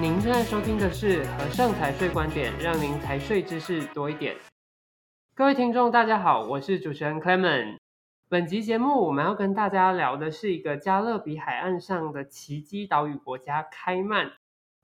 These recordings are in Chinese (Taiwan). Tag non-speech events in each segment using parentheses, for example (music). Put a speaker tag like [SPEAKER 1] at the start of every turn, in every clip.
[SPEAKER 1] 您正在收聽的是荷盛財稅觀點，讓您財稅知識多一點。各位聽眾，大家好，我是主持人 Clement。本集節目我們要跟大家聊的是一個加勒比海岸上的奇蹟島嶼國家——開曼。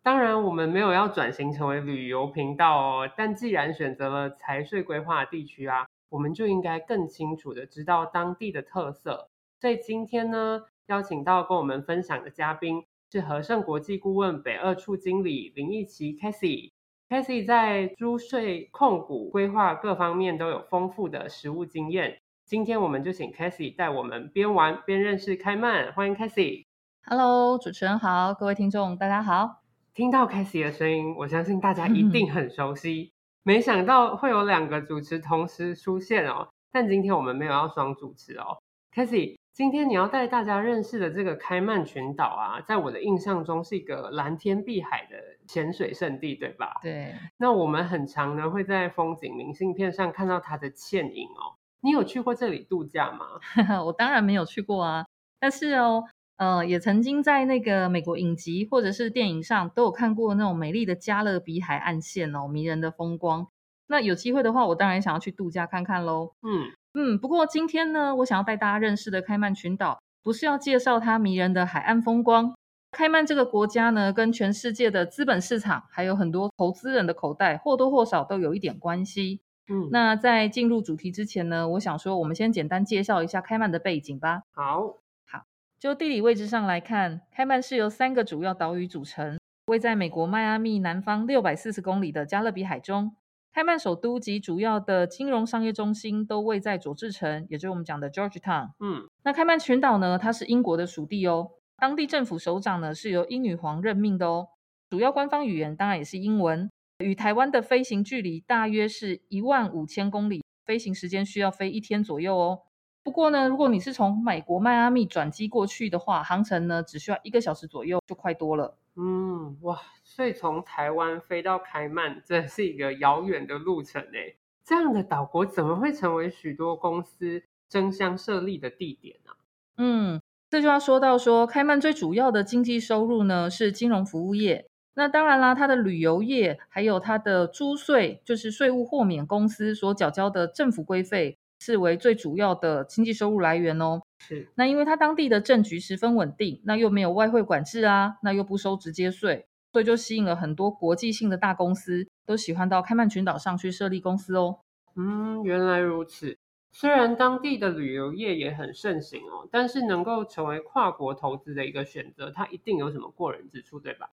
[SPEAKER 1] 當然，我們沒有要轉型成為旅遊頻道哦。但既然選擇了財稅規劃的地區啊，我們就應該更清楚地知道當地的特色。所以今天呢，邀請到跟我們分享的嘉賓。是荷盛國際顧問北二處經理林義奇 Cathy。Cathy 在租稅控股規劃各方面都有豐富的實務經驗。今天我們就請 Cathy 帶我們邊玩邊認識開曼，歡迎 Cathy。Hello，主持人好，各位聽眾大家好。聽到 Cathy 的聲音，我相信大家一定很熟悉。嗯、沒想到會有兩個主持同時出現哦，但今天我們沒有要雙主持哦 Cathy 今天你要帶大家認識的這個開曼群島啊，在我的印象中是一個藍天碧海的潛水勝地，對吧？對。那我們很常呢會在風景明信片上看到它的倩影哦。你有去過這裡度假嗎？ (laughs) 我當然沒有去過啊，但是哦，呃，
[SPEAKER 2] 也曾經在那個美國影集或者是電影上都有看過那種美麗的加勒比海岸線哦，迷人的風光。那有機會的話，我當然想要去度假看看嘍。嗯。嗯，不過今天呢，我想要帶大家認識的開曼群島，不是要介紹它迷人的海岸風光。開曼這個國家呢，跟全世界的資本市場，還有很多投資人的口袋，或多或少都有一點關係。嗯，那在進入主題之前呢，我想說，我們先簡單介紹一下開曼的背景吧。好，好，就地理位置上來看，開曼是由三個主要島嶼組成，位在美國邁阿密南方六百四十公里的加勒比海中。開曼首都及主要的金融商業中心都位在佐治城，也就是我們講的 George Town。嗯，那開曼群島呢，它是英國的屬地哦。當地政府首長呢是由英女皇任命的哦。主要官方語言當然也是英文。與台灣的飛行距離大約是一萬五千公里，飛行時間需要飛一天左右哦。不過呢，如果你是從美國邁阿密轉機過去的話，航程呢只需要一個小時左右，就快多了。
[SPEAKER 1] 嗯，哇！所以從台灣飛到開曼，真是一個遙遠的路程呢。這樣的島國怎麼會成為許多公司爭相設立的地點呢？啊？嗯，
[SPEAKER 2] 這句話說到說，開曼最主要的經濟收入呢是金融服務業。那當然啦，它的旅遊業還有它的租稅，就是稅務豁免公司所繳交的政府規費。是為最主要的經濟收入來源哦。是，那因為它當地的政局十分穩定，那又沒有外匯管制啊，那又不收直接稅，所以就吸引了很多國際性的大公司都喜歡到開曼群島上去設立
[SPEAKER 1] 公司哦。嗯，原來如此。雖然當地的旅遊業也很盛行哦，但是能夠成為跨國投資的一個選擇，它一定有什麼過人之處，對吧？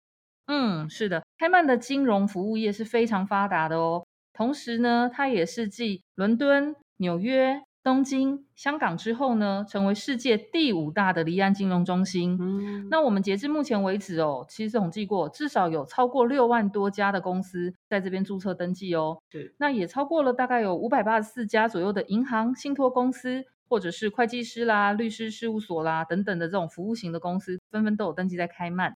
[SPEAKER 1] 嗯，
[SPEAKER 2] 是的，開曼的金融服務業是非常發達的哦。同時呢，它也是繼倫敦紐約、東京、香港之後呢，成為世界第五大的離岸金融中心。嗯，那我們截至目前為止哦，其實統計過至少有超過六萬多家的公司在這邊注冊登記哦。是那也超過了大概有五百八十四家左右的銀行、信托公司，或者是會計師啦、律師事務所啦等等的這種服務型的公司，紛紛都有登記在開曼。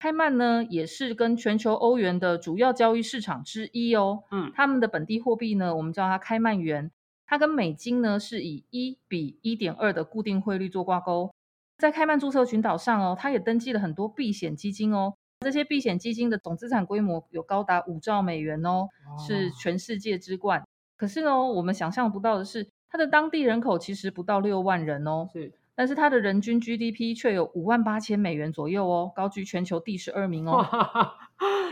[SPEAKER 2] 開曼呢，也是跟全球歐元的主要交易市場之一哦。嗯，他們的本地貨幣呢，我們叫它開曼元。它跟美金呢是以一比一點二的固定匯率做掛鈎，在開曼注冊群島上哦，它也登記了很多避險基金哦，這些避險基金的總資產規模有高達五兆美元哦，哇是全世界之冠。可是呢，我們想象不到的是，它的當地人口其實不到六萬人哦。但是它的人均 GDP 卻有五萬八千美元左右哦，高居全球第十二
[SPEAKER 1] 名哦哈哈。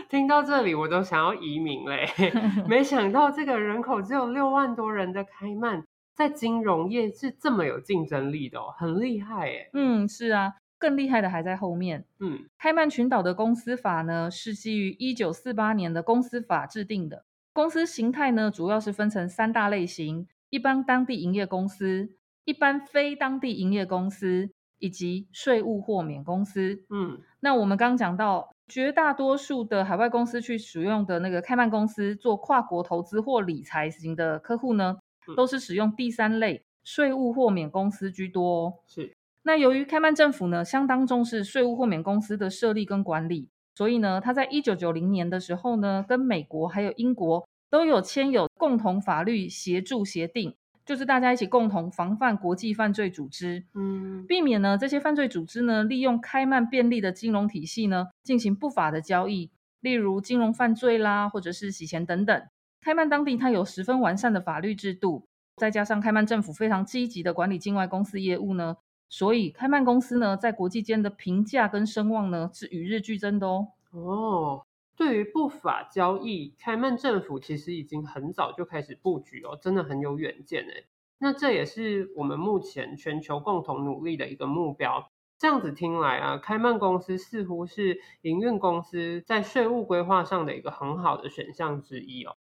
[SPEAKER 1] 聽到這裡，我都想要移民嘞！ (laughs) 沒想到這個人口只有六萬多人的開曼，在金融業是這麼有競爭力的哦，很厲害誒。嗯，是啊，更厲害的還在後面。嗯，開曼群島的公
[SPEAKER 2] 司法呢是基於一九四八年的公司法制定的，公司形態呢主要是分成三大類型：一般當地營業公司。一般非當地營業公司以及稅務豁免公司，嗯，那我們剛剛講到，絕大多數的海外公司去使用的那個開曼公司做跨國投資或理財型的客戶呢，都是使用第三類稅務豁免公司居多哦。是，那由於開曼政府呢相當重視稅務豁免公司的設立跟管理，所以呢，他在一九九零年的時候呢，跟美國還有英國都有簽有共同法律協助協定。就是大家一起共同防範國際犯罪組織，
[SPEAKER 1] 嗯，
[SPEAKER 2] 避免呢這些犯罪組織呢利用開曼便利的金融體系呢進行不法的交易，例如金融犯罪啦，或者是洗錢等等。開曼當地它有十分完善的法律制度，再加上開曼政府非常積極的管理境外公司業務呢，所以開曼公司呢在國際間的評價跟聲望呢是與日俱增的哦。
[SPEAKER 1] 哦。Oh. 對於不法交易，開曼政府其實已經很早就開始布局哦，真的很有遠見哎。那這也是我們目前全球共同努力的一個目標。這樣子聽來啊，開曼公司似乎是營運公司在稅務規劃上的一個很好的選項之一哦。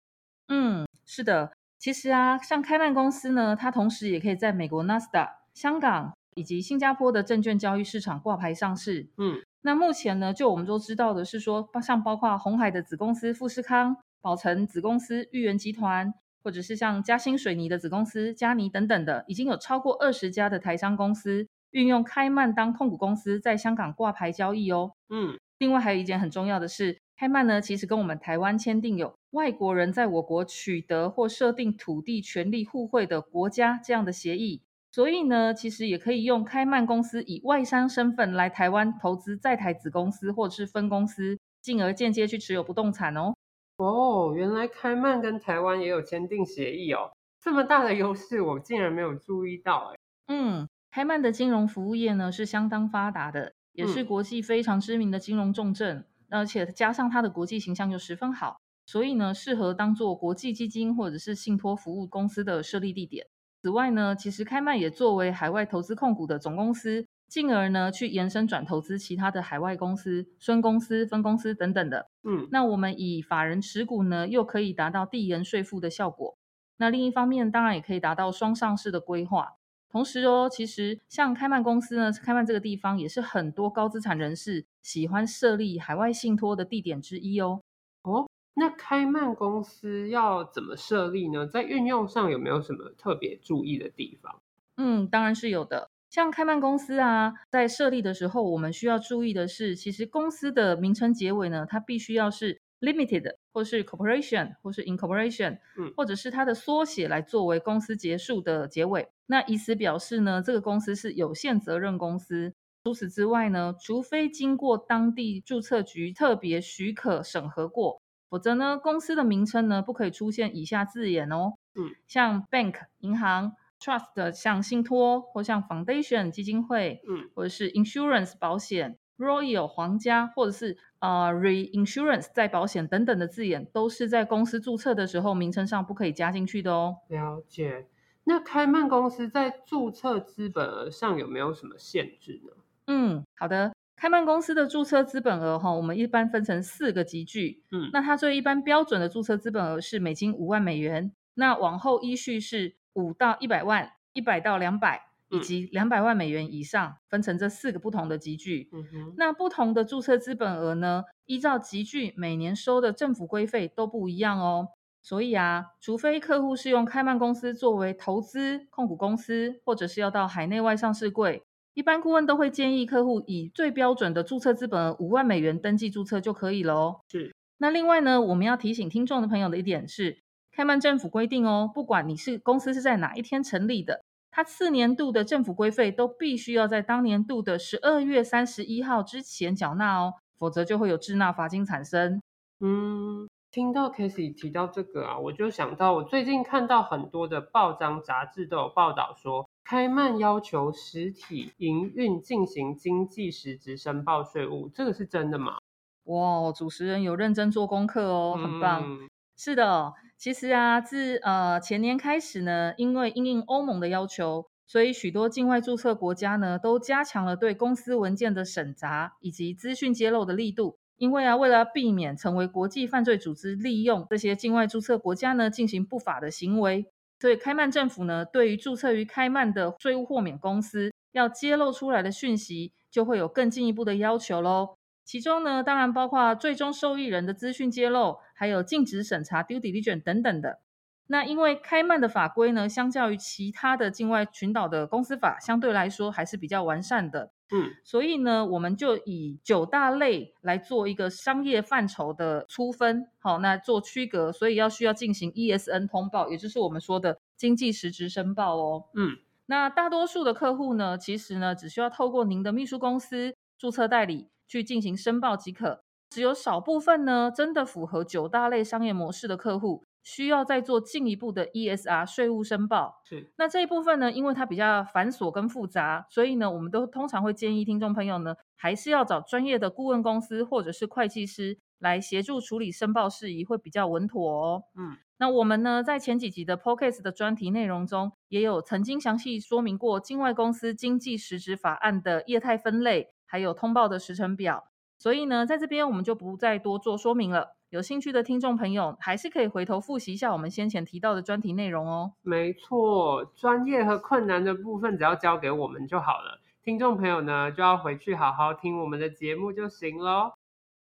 [SPEAKER 2] 嗯，是的，其實啊，像開曼公司呢，它同時也可以在美國納斯達、香港以及新加坡的證券交易市場掛牌上市。嗯。那目前呢，就我們都知道的是說，像包括鴻海的子公司富士康，寶成子公司裕元集團，或者是像嘉新水泥的子公司嘉泥等等的，已經有超過二十家的台商公司運用開曼當控股公司在香港掛牌交易哦。嗯，另外還有一件很重要的是，開曼呢其實跟我們台灣簽訂有外國人在我國取得或設定土地權利互惠的國家這樣的協議。所以呢，其實也可以用開曼公司以外商身份來台灣投資在台子公司或者是分公司，
[SPEAKER 1] 進而間接去持有不動產哦。哦，原來開曼跟台灣也有簽訂協議哦。這麼大的優勢，我竟然沒有注意到哎。嗯，開曼
[SPEAKER 2] 的金融服務業呢是相當發達的，也是國際非常知名的金融重鎮，嗯。而且加上它的國際形象又十分好，所以呢，適合當做國際基金或者是信託服務公司的設立地點。此外呢，其實開曼也作為海外投資控股的總公司，進而呢去延伸轉投資其他的海外公司、孫公司、分公司等等的。嗯，那我們以法人持股呢，又可以達到遞延稅負的效果。那另一方面，當然也可以達到雙上市的規劃。同時哦，其實像開曼公司呢，開曼這個地方也是很多高資產人士喜歡設立海外信託的地點之一哦。哦。
[SPEAKER 1] 那開曼公司要怎麼設立呢？在運用上有沒有什麼特別注意的地方？嗯，當然是有的。
[SPEAKER 2] 像開曼公司啊，在設立的時候，我們需要注意的是，其實公司的名稱結尾呢，它必須要是 limited，或是 corporation，或是 incorporation，嗯，或者是它的縮寫來作為公司結束的結尾。那以此表示呢，這個公司是有限責任公司。除此之外呢，除非經過當地註冊局特別許可審核過。否則呢，公司的名稱呢不可以出現以下字眼哦，嗯，像 bank 銀行、trust 像信托或像 foundation 基金會，嗯或 royal,，或者是 insurance 保險、royal 皇家或者是呃 reinsurance 再保險等等的字眼，都是在公司注冊的時候名稱上不可以加
[SPEAKER 1] 進去的哦。了解。那開曼公司在注冊資本額上有沒有什麼限制呢？嗯，好的。開曼公司的注冊資本額哈，我們一
[SPEAKER 2] 般分成四個級距，嗯，那它最一般標準的注冊資本額是美金五萬美元，那往後依序是五到一百萬，一百到兩百，以及兩百萬美元以上，分成這四個不同的級距。那不同的注冊資本額呢，依照級距每年收的政府規費都不一樣哦。所以啊，除非客戶是用開曼公司作為投資控股公司，或者是要到海內外上市櫃。一般顧問都會建議客戶以最標準的註冊資本五萬美元登記註冊就可以了哦。是，那另外呢，我們要提醒聽眾的朋友的一點是，開曼政府規定哦，不管你是公司是在哪一天成立的，它次年度的政府規費都必須要在當年度的十二月三十一號之前繳納哦，否則就會有滯
[SPEAKER 1] 納罰金產生。嗯，聽到 Cathy 提到這個啊，我就想到我最近看到很多的報章雜誌都有報道說。開曼要求實體營運進行經濟實質申報稅務，這個是真的嗎？哇，
[SPEAKER 2] 主持人有認真做功課哦，很棒。嗯、是的，其實啊，自呃前年開始呢，因為應應歐盟的要求，所以許多境外註冊國家呢，都加強了對公司文件的審查以及資訊揭露的力度。因為啊，為了避免成為國際犯罪組織利用這些境外註冊國家呢，進行不法的行為。所以，開曼政府呢，對於註冊於開曼的稅務豁免公司，要揭露出來的訊息，就會有更進一步的要求嘍。其中呢，當然包括最終受益人的資訊揭露，還有盡職審查 （due diligence） 對等等的。那因為開曼的法規呢，相較於其他的境外群島的公司法，相對來說還是比較完善的。嗯，所以呢，我們就以九大類來做一個商業範疇的粗分，好，那做區隔，所以要需要進行 ESN 通報，也就是我們說的經濟實質申報哦。嗯，那大多數的客戶呢，其實呢，只需要透過您的秘書公司註冊代理去進行申報即可，只有少部分呢，真的符合九大類商業模式的客戶。需要再做進一步的 ESR 稅務申報。是，那這一部分呢，因為它比較繁瑣跟複雜，所以呢，我們都通常會建議聽眾朋友呢，還是要找專業的顧問公司或者是會計師來協助處理申報事宜，會比較穩妥哦。嗯，那我們呢，在前幾集的 Podcast 的專題內容中，也有曾經詳細說明過境外公司經濟實質法案的業態分類，還有通報的時程表。所以呢，在這邊我們就不再多做說明了。有興趣的聽眾朋友，還是可以回頭複習一下我們先前提到的專題內容哦。
[SPEAKER 1] 沒錯，專業和困難的部分只要交給我們就好了。聽眾朋友呢，就要回去好好聽我們的節目就行囉。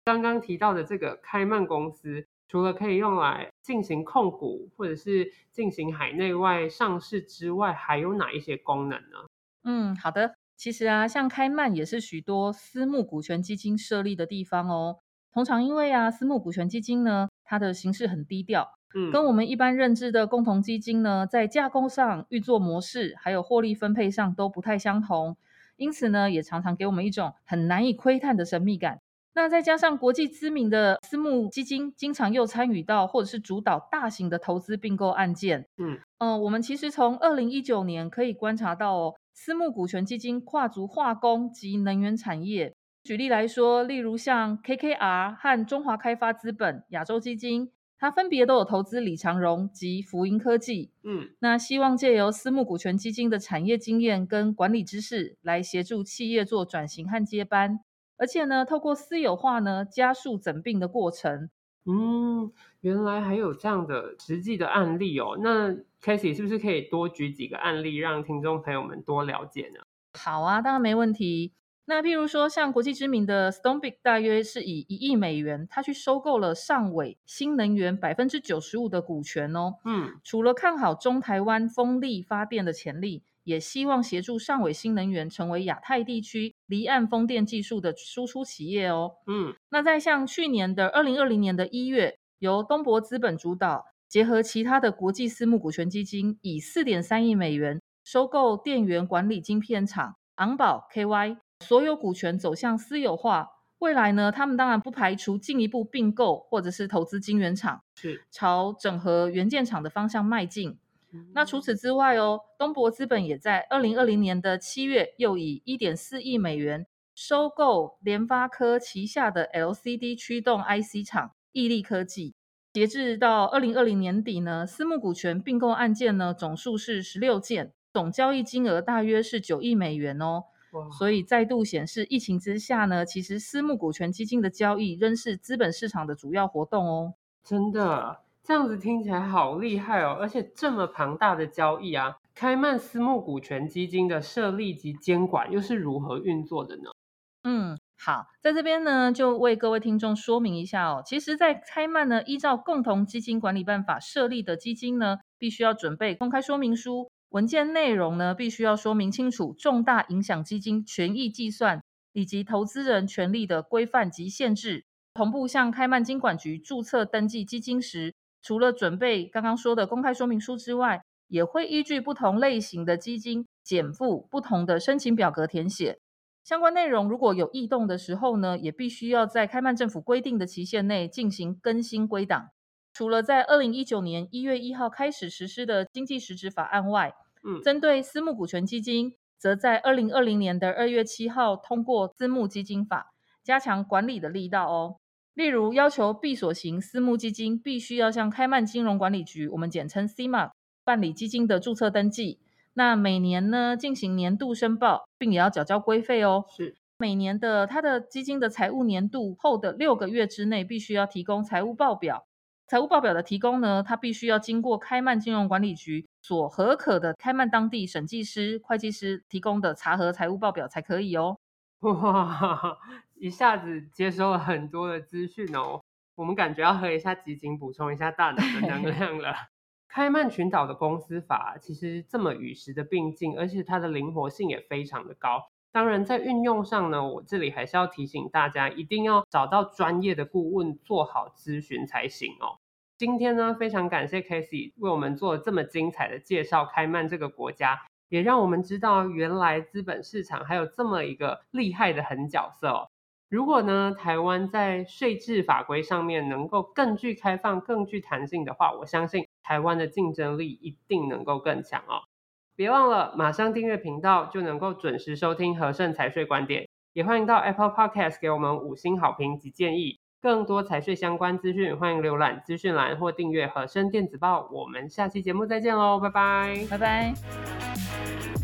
[SPEAKER 1] 剛剛提到的這個開曼公司，除了可以用來進行控股或者是進行海內外上市之外，還有哪一些功能呢？
[SPEAKER 2] 嗯，好的。其實啊，像開曼也是許多私募股權基金設立的地方哦。通常因為啊，私募股權基金呢，它的形式很低調，嗯，跟我們一般認知的共同基金呢，在架構上、運作模式，還有獲利分配上都不太相同，因此呢，也常常給我們一種很難以窺探的神秘感。那再加上國際知名的私募基金，經常又參與到或者是主導大型的投資併購案件，嗯，呃，我們其實從二零一九年可以觀察到哦，私募股權基金跨足化工及能源產業。舉例來說，例如像 KKR 和中華開發資本、亞洲基金，它分別都有投資李長榮及福盈科技。嗯，那希望借由私募股權基金的產業經驗跟管理知識，來協助企業做轉型和接班，而且呢，透過私有化呢，加速
[SPEAKER 1] 整併的過程。嗯，原來還有這樣的實際的案例哦。那 Cathy 是不是可以多舉幾個案例，讓聽眾朋友們多了解呢？好
[SPEAKER 2] 啊，當然沒問題。那譬如說，像國際知名的 Stonepeak 大約是以一億美元，他去收購了上緯新能源百分之九十五的股權哦。嗯，除了看好中台灣風力發電的潛力，也希望協助上緯新能源成為亞太地區離岸風電技術的輸出企業哦。嗯，那在像去年的二零二零年的一月，由東博資本主導，結合其他的國際私募股權基金，以四點三億美元收購電源管理晶片廠昂寶 KY。所有股權走向私有化，未來呢？他們當然不排除進一步併購或者是投資晶圓廠，朝整合元件廠的方向邁進。那除此之外哦，東博資本也在二零二零年的七月又以一點四億美元收購聯發科旗下的 LCD 驅動 IC 廠毅力科技。截至到二零二零年底呢，私募股權併購案件呢總數是十六件，總交易金額大約是九億美元哦。所以再度顯示，疫情之下呢，其實私募股權基金的交易仍是
[SPEAKER 1] 資本市場的主要活動哦。真的，這樣子聽起來好厲害哦！而且這麼龐大的交易啊，開曼私募股權基金的設立及監管又是如何運作的呢？嗯，好，
[SPEAKER 2] 在這邊呢，就為各位聽眾說明一下哦。其實，在開曼呢，依照共同基金管理辦法設立的基金呢，必須要準備公開說明書。文件內容呢，必須要說明清楚重大影響基金權益計算以及投資人權利的規範及限制。同步向開曼金管局註冊登記基金時，除了準備剛剛說的公開說明書之外，也會依據不同類型的基金減負不同的申請表格填寫相關內容。如果有異動的時候呢，也必須要在開曼政府規定的期限內進行更新歸檔。除了在二零一九年一月一號開始實施的經濟實質法案外，嗯，針對私募股權基金，則在二零二零年的二月七號通過《私募基金法》，加強管理的力道哦。例如，要求閉鎖型私募基金必須要向開曼金融管理局（我們簡稱 CMA） 辦理基金的註冊登記。那每年呢，進行年度申報，並也要繳交規費哦。是每年的他的基金的財務年度後的六個月之內，必須要提供財務報表。財務報表的提供呢，它必須要經過開曼金融管理局所核可的開曼當地審計師、會計師提供的查核財務報表才可以哦。哇，
[SPEAKER 1] 一下子接收了很多的資訊哦，我們感覺要喝一下雞精，補充一下大腦的能量了。 (laughs) 開曼群島的公司法其實這麼與時的並進，而且它的靈活性也非常的高。當然，在運用上呢，我這裡還是要提醒大家，一定要找到專業的顧問做好諮詢才行哦。今天呢，非常感謝 Cathy 為我們做了這麼精彩的介紹，開曼這個國家，也讓我們知道原來資本市場還有這麼一個厲害的狠角色哦。如果呢，台灣在稅制法規上面能夠更具開放、更具彈性的話，我相信台灣的競爭力一定能夠更強哦。別忘了馬上訂閱頻道，就能夠準時收聽荷盛財稅觀點。也歡迎到 Apple Podcast 給我們五星好評及建議。更多財稅相關資訊，歡迎瀏覽資訊欄或訂閱荷盛電子報。我們下期節目再見嘍，拜拜，拜拜。